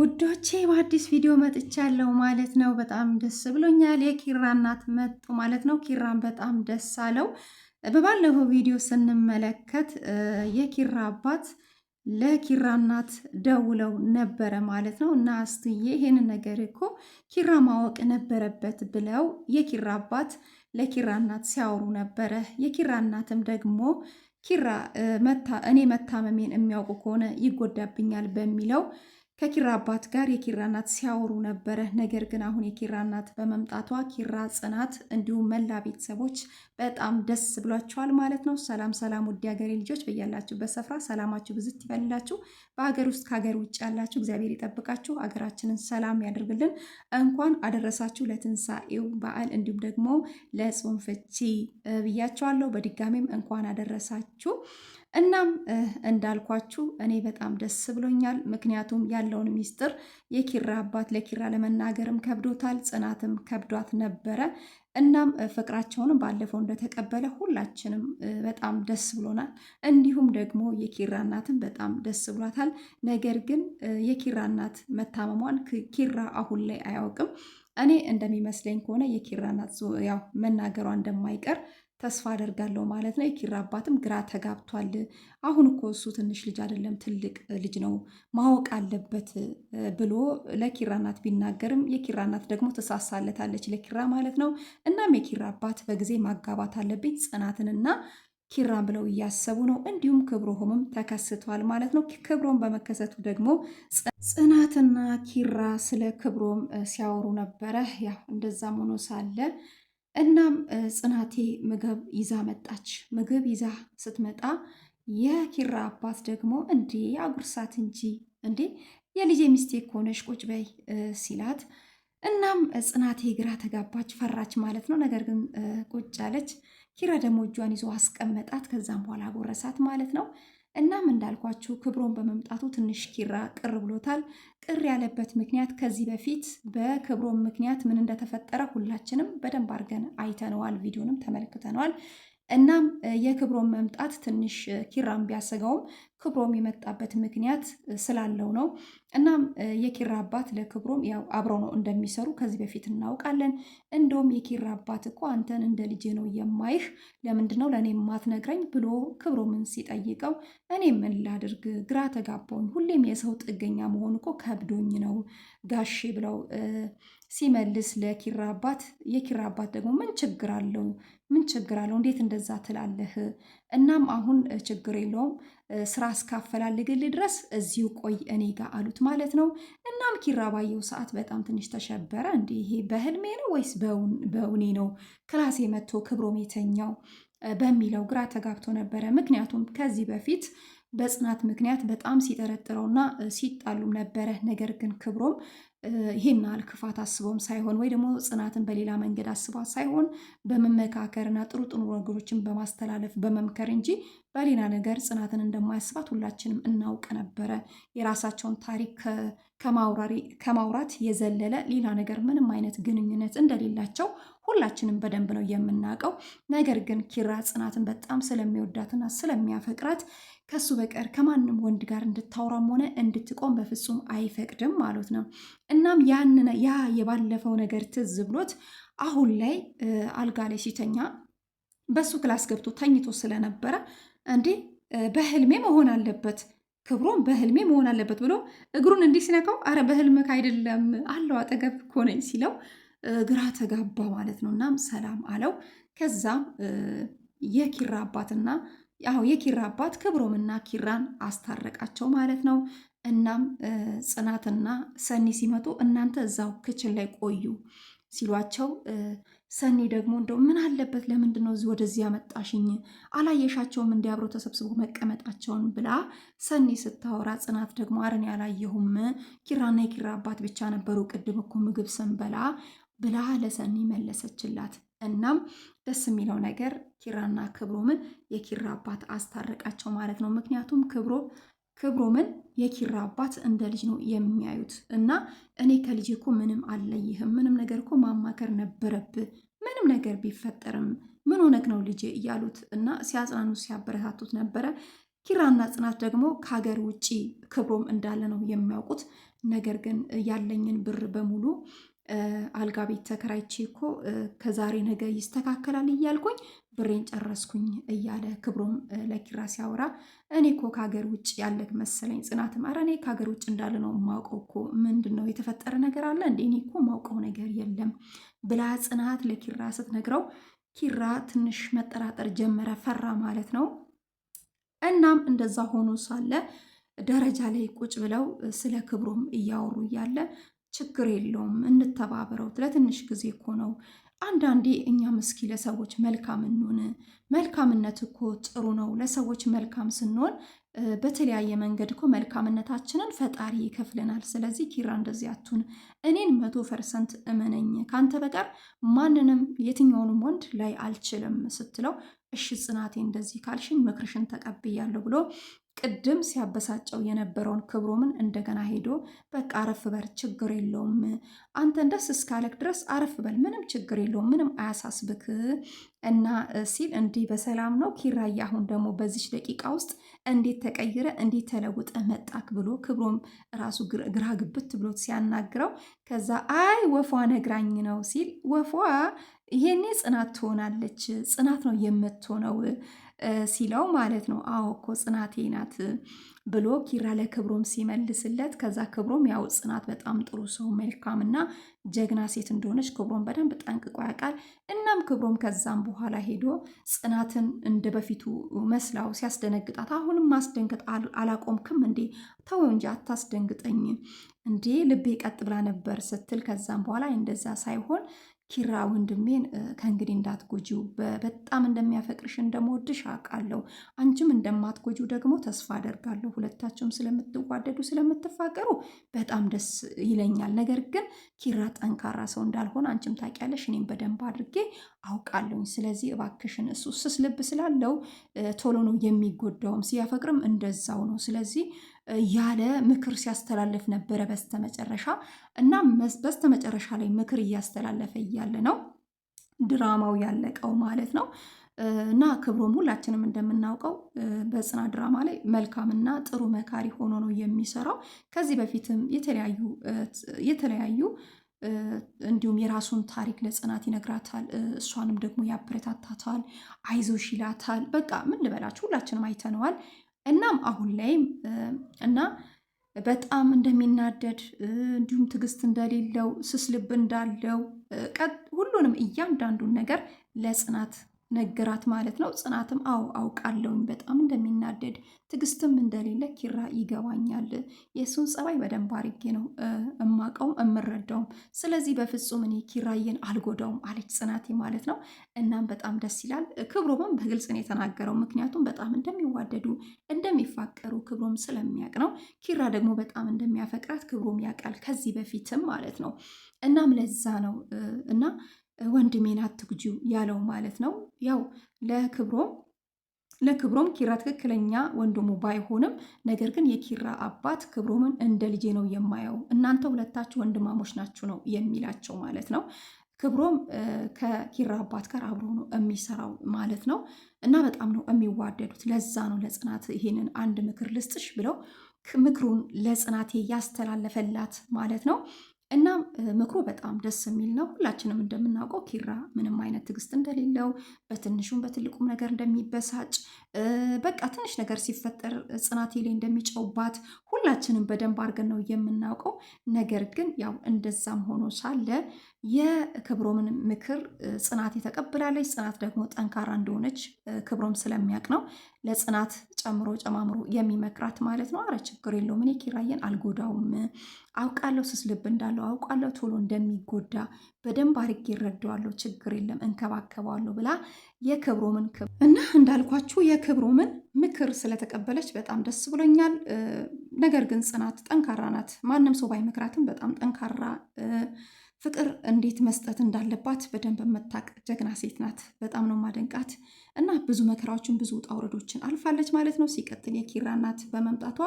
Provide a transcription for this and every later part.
ውዶቼ በአዲስ ቪዲዮ መጥቻለሁ ማለት ነው። በጣም ደስ ብሎኛል። የኪራ እናት መጡ ማለት ነው። ኪራን በጣም ደስ አለው። በባለፈው ቪዲዮ ስንመለከት የኪራ አባት ለኪራ እናት ደውለው ነበረ ማለት ነው። እና አስትዬ ይሄንን ነገር እኮ ኪራ ማወቅ ነበረበት ብለው የኪራ አባት ለኪራ እናት ሲያወሩ ነበረ። የኪራ እናትም ደግሞ ኪራ እኔ መታመሜን የሚያውቁ ከሆነ ይጎዳብኛል በሚለው ከኪራ አባት ጋር የኪራ እናት ሲያወሩ ነበረ። ነገር ግን አሁን የኪራ እናት በመምጣቷ ኪራ፣ ጽናት እንዲሁም መላ ቤተሰቦች በጣም ደስ ብሏቸዋል ማለት ነው። ሰላም ሰላም፣ ውድ ሀገሬ ልጆች በያላችሁበት ስፍራ ሰላማችሁ ብዝት ይበልላችሁ። በሀገር ውስጥ ከሀገር ውጭ ያላችሁ እግዚአብሔር ይጠብቃችሁ፣ ሀገራችንን ሰላም ያደርግልን። እንኳን አደረሳችሁ ለትንሳኤው በዓል እንዲሁም ደግሞ ለጾም ፍቺ ብያቸዋለሁ። በድጋሚም እንኳን አደረሳችሁ። እናም እንዳልኳችሁ እኔ በጣም ደስ ብሎኛል። ምክንያቱም ያለውን ሚስጥር የኪራ አባት ለኪራ ለመናገርም ከብዶታል፣ ጽናትም ከብዷት ነበረ። እናም ፍቅራቸውንም ባለፈው እንደተቀበለ ሁላችንም በጣም ደስ ብሎናል። እንዲሁም ደግሞ የኪራ እናትም በጣም ደስ ብሏታል። ነገር ግን የኪራ እናት መታመሟን ኪራ አሁን ላይ አያውቅም። እኔ እንደሚመስለኝ ከሆነ የኪራ እናት ያው መናገሯ እንደማይቀር ተስፋ አደርጋለሁ ማለት ነው። የኪራ አባትም ግራ ተጋብቷል። አሁን እኮ እሱ ትንሽ ልጅ አይደለም ትልቅ ልጅ ነው ማወቅ አለበት ብሎ ለኪራ እናት ቢናገርም የኪራ እናት ደግሞ ትሳሳለታለች ለኪራ ማለት ነው። እናም የኪራ አባት በጊዜ ማጋባት አለብኝ ጽናትንና ኪራን ብለው እያሰቡ ነው። እንዲሁም ክብሮምም ተከስቷል ማለት ነው። ክብሮም በመከሰቱ ደግሞ ጽናትና ኪራ ስለ ክብሮም ሲያወሩ ነበረ። ያው እንደዛም ሆኖ ሳለ እናም ጽናቴ ምግብ ይዛ መጣች። ምግብ ይዛ ስትመጣ የኪራ አባት ደግሞ እንዴ አጉርሳት እንጂ እንዴ የልጄ ሚስቴክ ሆነሽ ቁጭ በይ ሲላት፣ እናም ጽናቴ ግራ ተጋባች፣ ፈራች ማለት ነው። ነገር ግን ቁጭ አለች። ኪራ ደግሞ እጇን ይዞ አስቀመጣት። ከዛም በኋላ አጎረሳት ማለት ነው። እናም እንዳልኳችሁ ክብሮን በመምጣቱ ትንሽ ኪራ ቅር ብሎታል። ቅር ያለበት ምክንያት ከዚህ በፊት በክብሮን ምክንያት ምን እንደተፈጠረ ሁላችንም በደንብ አድርገን አይተነዋል፣ ቪዲዮንም ተመልክተነዋል። እናም የክብሮም መምጣት ትንሽ ኪራም ቢያሰጋውም ክብሮም የመጣበት ምክንያት ስላለው ነው። እናም የኪራ አባት ለክብሮም ያው አብረው ነው እንደሚሰሩ ከዚህ በፊት እናውቃለን። እንደውም የኪራ አባት እኮ አንተን እንደ ልጄ ነው የማይህ፣ ለምንድን ነው ለእኔ ማትነግረኝ ብሎ ክብሮምን ሲጠይቀው እኔ ምን ላድርግ ግራ ተጋባውኝ፣ ሁሌም የሰው ጥገኛ መሆን እኮ ከብዶኝ ነው ጋሼ ብለው ሲመልስ ለኪራ አባት የኪራ አባት ደግሞ ምን ችግር አለው? ምን ችግር አለው? እንዴት እንደዛ ትላለህ? እናም አሁን ችግር የለውም ስራ እስካፈላልግል ድረስ እዚሁ ቆይ እኔ ጋር አሉት ማለት ነው። እናም ኪራ ባየው ሰዓት በጣም ትንሽ ተሸበረ። እንዲ ይሄ በህልሜ ነው ወይስ በእውኔ ነው ክላሴ መጥቶ ክብሮም የተኛው በሚለው ግራ ተጋብቶ ነበረ። ምክንያቱም ከዚህ በፊት በጽናት ምክንያት በጣም ሲጠረጥረውና ሲጣሉም ነበረ። ነገር ግን ክብሮም ይህን ያህል ክፋት አስቦም ሳይሆን ወይ ደግሞ ጽናትን በሌላ መንገድ አስቧት ሳይሆን በመመካከርና ጥሩ ጥሩ ነገሮችን በማስተላለፍ በመምከር እንጂ በሌላ ነገር ጽናትን እንደማያስባት ሁላችንም እናውቅ ነበረ። የራሳቸውን ታሪክ ከማውራት የዘለለ ሌላ ነገር ምንም አይነት ግንኙነት እንደሌላቸው ሁላችንም በደንብ ነው የምናውቀው። ነገር ግን ኪራ ጽናትን በጣም ስለሚወዳትና ስለሚያፈቅራት ከሱ በቀር ከማንም ወንድ ጋር እንድታወራም ሆነ እንድትቆም በፍጹም አይፈቅድም ማለት ነው። እናም ያን ያ የባለፈው ነገር ትዝ ብሎት አሁን ላይ አልጋ ላይ ሲተኛ በሱ ክላስ ገብቶ ተኝቶ ስለነበረ እንዴ በህልሜ መሆን አለበት ክብሮም በህልሜ መሆን አለበት ብሎ እግሩን እንዲህ ሲነካው፣ አረ በህልምህ አይደለም አለው አጠገብ እኮ ነኝ ሲለው ግራ ተጋባ ማለት ነው። እናም ሰላም አለው። ከዛም የኪራ አባትና ያው የኪራ አባት ክብሮምና ኪራን አስታረቃቸው ማለት ነው። እናም ጽናትና ሰኒ ሲመጡ እናንተ እዛው ክችን ላይ ቆዩ ሲሏቸው ሰኒ ደግሞ እንደው ምን አለበት ለምንድን ነው ወደዚህ ያመጣሽኝ? አላየሻቸውም እንዲያብረው ተሰብስቦ መቀመጣቸውን ብላ ሰኒ ስታወራ፣ ጽናት ደግሞ አረን ያላየሁም ኪራና የኪራ አባት ብቻ ነበሩ ቅድም እኮ ምግብ ስንበላ ብላ ለሰኒ መለሰችላት። እናም ደስ የሚለው ነገር ኪራና ክብሮምን የኪራ አባት አስታረቃቸው ማለት ነው። ምክንያቱም ክብሮ ክብሮምን የኪራ አባት እንደ ልጅ ነው የሚያዩት እና እኔ ከልጅ እኮ ምንም አለይህም ምንም ነገር እኮ ማማከር ነበረብህ፣ ምንም ነገር ቢፈጠርም ምን ሆነክ ነው ልጅ እያሉት እና ሲያጽናኑት ሲያበረታቱት ነበረ። ኪራና ጽናት ደግሞ ከሀገር ውጪ ክብሮም እንዳለ ነው የሚያውቁት። ነገር ግን ያለኝን ብር በሙሉ አልጋ ቤት ተከራይቼ እኮ ከዛሬ ነገ ይስተካከላል እያልኩኝ ብሬን ጨረስኩኝ እያለ ክብሮም ለኪራ ሲያወራ፣ እኔ እኮ ከሀገር ውጭ ያለ መሰለኝ ጽናትም፣ ኧረ እኔ ከሀገር ውጭ እንዳለ ነው የማውቀው እኮ ምንድን ነው የተፈጠረ ነገር አለ እንዴ? እኔ እኮ ማውቀው ነገር የለም ብላ ጽናት ለኪራ ስትነግረው ኪራ ትንሽ መጠራጠር ጀመረ፣ ፈራ ማለት ነው። እናም እንደዛ ሆኖ ሳለ ደረጃ ላይ ቁጭ ብለው ስለ ክብሮም እያወሩ እያለ ችግር የለውም እንተባበረው፣ ለትንሽ ጊዜ እኮ ነው። አንዳንዴ እኛም እስኪ ለሰዎች መልካም እንሆን። መልካምነት እኮ ጥሩ ነው። ለሰዎች መልካም ስንሆን በተለያየ መንገድ እኮ መልካምነታችንን ፈጣሪ ይከፍለናል። ስለዚህ ኪራ እንደዚህ አትሁን፣ እኔን መቶ ፐርሰንት እመነኝ፣ ከአንተ በቀር ማንንም የትኛውንም ወንድ ላይ አልችልም ስትለው እሺ ጽናቴ፣ እንደዚህ ካልሽኝ ምክርሽን ተቀብያለሁ ብሎ ቅድም ሲያበሳጨው የነበረውን ክብሮምን እንደገና ሄዶ በቃ አረፍ በል ችግር የለውም አንተን ደስ እስካለክ ድረስ አረፍ በል ምንም ችግር የለውም ምንም አያሳስብክ እና ሲል እንዲህ በሰላም ነው ኪራዬ፣ አሁን ደግሞ በዚች ደቂቃ ውስጥ እንዴት ተቀይረ እንዴት ተለውጠ መጣክ ብሎ ክብሮም ራሱ ግራ ግብት ብሎት ሲያናግረው ከዛ አይ ወፏ ነግራኝ ነው ሲል ወፏ ይሄኔ ጽናት ትሆናለች ጽናት ነው የምትሆነው ሲለው ማለት ነው። አዎ እኮ ጽናቴ ናት ብሎ ኪራ ለክብሮም ሲመልስለት ከዛ ክብሮም ያው ጽናት በጣም ጥሩ ሰው መልካምና ጀግና ሴት እንደሆነች ክብሮም በደንብ ጠንቅቆ ያውቃል። እናም ክብሮም ከዛም በኋላ ሄዶ ጽናትን እንደ በፊቱ መስላው ሲያስደነግጣት አሁንም ማስደንገጥ አላቆምክም እንዴ? ተው እንጂ አታስደንግጠኝ እንዴ ልቤ ቀጥ ብላ ነበር ስትል ከዛም በኋላ እንደዛ ሳይሆን ኪራ ወንድሜን ከእንግዲህ እንዳትጎጂው፣ በጣም እንደሚያፈቅርሽ እንደምወድሽ አውቃለሁ። አንቺም እንደማትጎጂው ደግሞ ተስፋ አደርጋለሁ። ሁለታቸውም ስለምትዋደዱ ስለምትፋቀሩ በጣም ደስ ይለኛል። ነገር ግን ኪራ ጠንካራ ሰው እንዳልሆነ አንቺም ታውቂያለሽ፣ እኔም በደንብ አድርጌ አውቃለሁኝ። ስለዚህ እባክሽን፣ እሱ ስስ ልብ ስላለው ቶሎ ነው የሚጎዳውም፣ ሲያፈቅርም እንደዛው ነው። ስለዚህ ያለ ምክር ሲያስተላልፍ ነበረ። በስተመጨረሻ እና በስተመጨረሻ ላይ ምክር እያስተላለፈ እያለ ነው ድራማው ያለቀው ማለት ነው። እና ክብሮም ሁላችንም እንደምናውቀው በጽና ድራማ ላይ መልካምና ጥሩ መካሪ ሆኖ ነው የሚሰራው። ከዚህ በፊትም የተለያዩ የተለያዩ እንዲሁም የራሱን ታሪክ ለጽናት ይነግራታል። እሷንም ደግሞ ያበረታታታል፣ አይዞሽ ይላታል። በቃ ምን ልበላችሁ ሁላችንም አይተነዋል። እናም አሁን ላይ እና በጣም እንደሚናደድ እንዲሁም ትዕግስት እንደሌለው ስስ ልብ እንዳለው ሁሉንም እያንዳንዱን ነገር ለጽናት ነገራት ማለት ነው። ጽናትም አው አውቃለሁኝ በጣም እንደሚናደድ ትዕግስትም እንደሌለ ኪራ ይገባኛል። የእሱን ጸባይ በደንብ አርጌ ነው እማቀውም እምረዳውም። ስለዚህ በፍጹም እኔ ኪራዬን አልጎዳውም አለች ጽናቴ ማለት ነው። እናም በጣም ደስ ይላል። ክብሮምም በግልጽ ነው የተናገረው፣ ምክንያቱም በጣም እንደሚዋደዱ እንደሚፋቀሩ ክብሮም ስለሚያውቅ ነው። ኪራ ደግሞ በጣም እንደሚያፈቅራት ክብሮም ያውቃል ከዚህ በፊትም ማለት ነው። እናም ለዛ ነው እና ወንድሜን አትጉጂው ያለው ማለት ነው። ያው ለክብሮም ለክብሮም ኪራ ትክክለኛ ወንድሙ ባይሆንም ነገር ግን የኪራ አባት ክብሮምን እንደ ልጄ ነው የማየው፣ እናንተ ሁለታችሁ ወንድማሞች ናችሁ ነው የሚላቸው ማለት ነው። ክብሮም ከኪራ አባት ጋር አብሮ ነው የሚሰራው ማለት ነው። እና በጣም ነው የሚዋደዱት። ለዛ ነው ለጽናት ይሄንን አንድ ምክር ልስጥሽ ብለው ምክሩን ለጽናቴ ያስተላለፈላት ማለት ነው። እናም ምክሩ በጣም ደስ የሚል ነው። ሁላችንም እንደምናውቀው ኪራ ምንም አይነት ትዕግስት እንደሌለው በትንሹም በትልቁም ነገር እንደሚበሳጭ በቃ ትንሽ ነገር ሲፈጠር ጽናቴ ላይ እንደሚጨውባት ሁላችንም በደንብ አድርገን ነው የምናውቀው። ነገር ግን ያው እንደዛም ሆኖ ሳለ የክብሮምን ምክር ጽናት የተቀብላለች። ጽናት ደግሞ ጠንካራ እንደሆነች ክብሮም ስለሚያውቅ ነው ለጽናት ጨምሮ ጨማምሮ የሚመክራት ማለት ነው። አረ ችግር የለውም እኔ ኪራየን አልጎዳውም፣ አውቃለሁ ስስ ልብ እንዳለው አውቃለሁ፣ ቶሎ እንደሚጎዳ በደንብ አድርጌ ይረዳዋለሁ፣ ችግር የለም እንከባከባለሁ ብላ የክብሮምን እና እንዳልኳችሁ የክብሮምን ምክር ስለተቀበለች በጣም ደስ ብሎኛል። ነገር ግን ጽናት ጠንካራ ናት። ማንም ሰው ባይመክራትም በጣም ጠንካራ ፍቅር እንዴት መስጠት እንዳለባት በደንብ የምታውቅ ጀግና ሴት ናት። በጣም ነው ማደንቃት እና ብዙ መከራዎችን ብዙ ውጣ ውረዶችን አልፋለች ማለት ነው። ሲቀጥል የኪራ እናት በመምጣቷ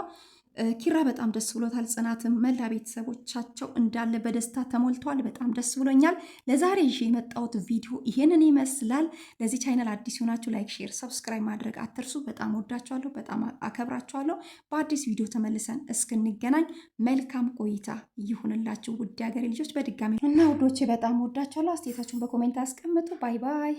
ኪራ በጣም ደስ ብሎታል። ጽናትም መላ ቤተሰቦቻቸው እንዳለ በደስታ ተሞልተዋል። በጣም ደስ ብሎኛል። ለዛሬ ይዤ የመጣሁት ቪዲዮ ይሄንን ይመስላል። ለዚህ ቻይነል አዲስ ሆናችሁ ላይክ፣ ሼር፣ ሰብስክራይብ ማድረግ አትርሱ። በጣም ወዳችኋለሁ፣ በጣም አከብራችኋለሁ። በአዲስ ቪዲዮ ተመልሰን እስክንገናኝ መልካም ቆይታ ይሁንላችሁ ውድ ሀገሬ ልጆች። በድጋሚ እና ውዶቼ በጣም ወዳችኋለሁ። አስተያየታችሁን በኮሜንት አስቀምጡ። ባይ ባይ